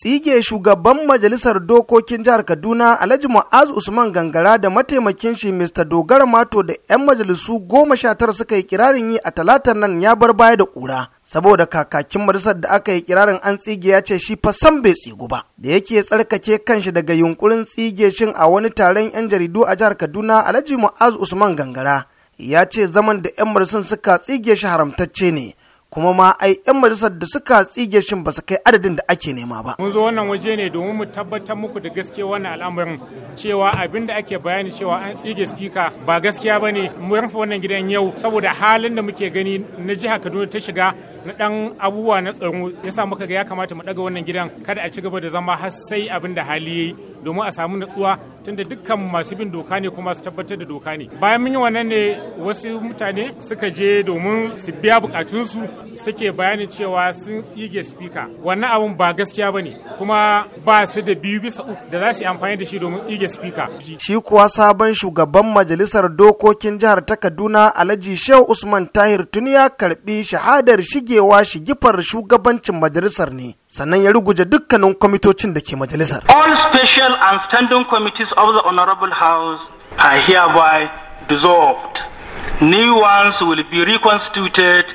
tsige shugaban majalisar dokokin jihar kaduna alhaji mu'az usman gangara da mataimakin shi mr dogara mato da 'yan majalisu goma sha tara suka yi kirarin yi a talatar nan ya bar baya da kura saboda kakakin majalisar da aka yi kirarin an tsige ya ce shi fa san bai tsigu ba da yake tsarkake kanshi daga yunkurin tsige shin a wani taron 'yan jaridu a jihar kaduna alhaji mu'az usman gangara ya ce zaman da 'yan majalisun suka tsige shi haramtacce ne kuma ma ai 'yan majalisar da suka tsige shin ba kai adadin da ake nema ba. Mun zo wannan waje ne domin mu tabbatar muku da gaske wannan al'amarin cewa abin da ake bayani cewa an tsige spika ba gaskiya ba ne mu rufe wannan gidan yau saboda halin da muke gani na jiha Kaduna ta shiga na dan abubuwa na tsaro ya sa muka ga ya kamata mu daga wannan gidan kada a ci gaba da zama har sai abin da hali yayi domin a samu natsuwa tunda dukkan masu bin doka ne kuma su tabbatar da doka ne bayan mun yi wannan ne wasu mutane suka je domin su biya bukatunsu suke bayanin cewa sun tsige spika wannan abun ba gaskiya ba ne kuma ba su da biyu bisa uku da za su yi amfani da shi domin tsige spika shi kuwa sabon shugaban majalisar dokokin jihar ta kaduna alhaji shehu usman tahir tuni ya karbi shahadar shige shi shigifar shugabancin majalisar ne sannan ya ruguje dukkanin kwamitocin da ke majalisar. All special and standing committees of the Honorable House are hereby dissolved. New ones will be reconstituted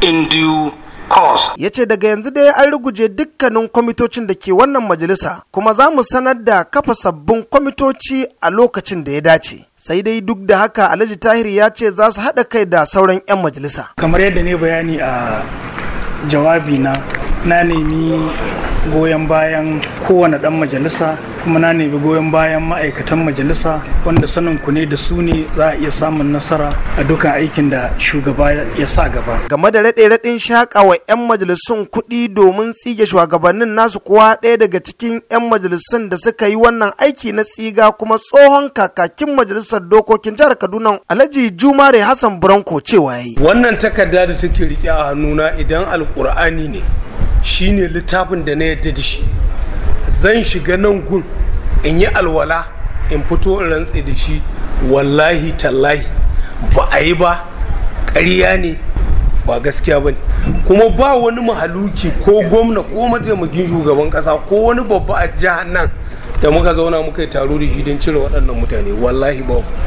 in due cause. Ya ce daga yanzu dai an ruguje dukkanin kwamitocin da ke wannan majalisa kuma za mu sanar da kafa sabbin kwamitoci a lokacin da ya dace. Sai dai duk da haka Alhaji Tahir ya ce za su haɗa kai da sauran 'yan majalisa. Kamar yadda ne bayani a jawabi na na nemi goyon bayan kowane ɗan majalisa kuma na nemi goyon bayan ma'aikatan majalisa wanda sanin ku ne da su ne za a iya samun nasara a dukkan aikin da shugaba ya sa gaba game da raɗe raɗin shaƙa wa 'yan majalisun kuɗi domin tsige shugabannin nasu kuwa ɗaya daga cikin 'yan majalisun da suka yi wannan aiki na tsiga kuma tsohon kakakin majalisar dokokin jihar kaduna alhaji jumare hassan branko cewa yi wannan takarda da take riƙe a hannuna idan alkur'ani ne shine littafin da na yadda da shi zan shiga nan gun in yi alwala in fito in rantse da shi wallahi tallahi ba a yi ba ƙarya ne ba gaskiya ba ne kuma ba wani mahaluki ko gwamna ko mataimakin shugaban ƙasa ko wani babba a jihar nan da muka zauna muka yi taro da shi don cire waɗannan mutane wallahi ba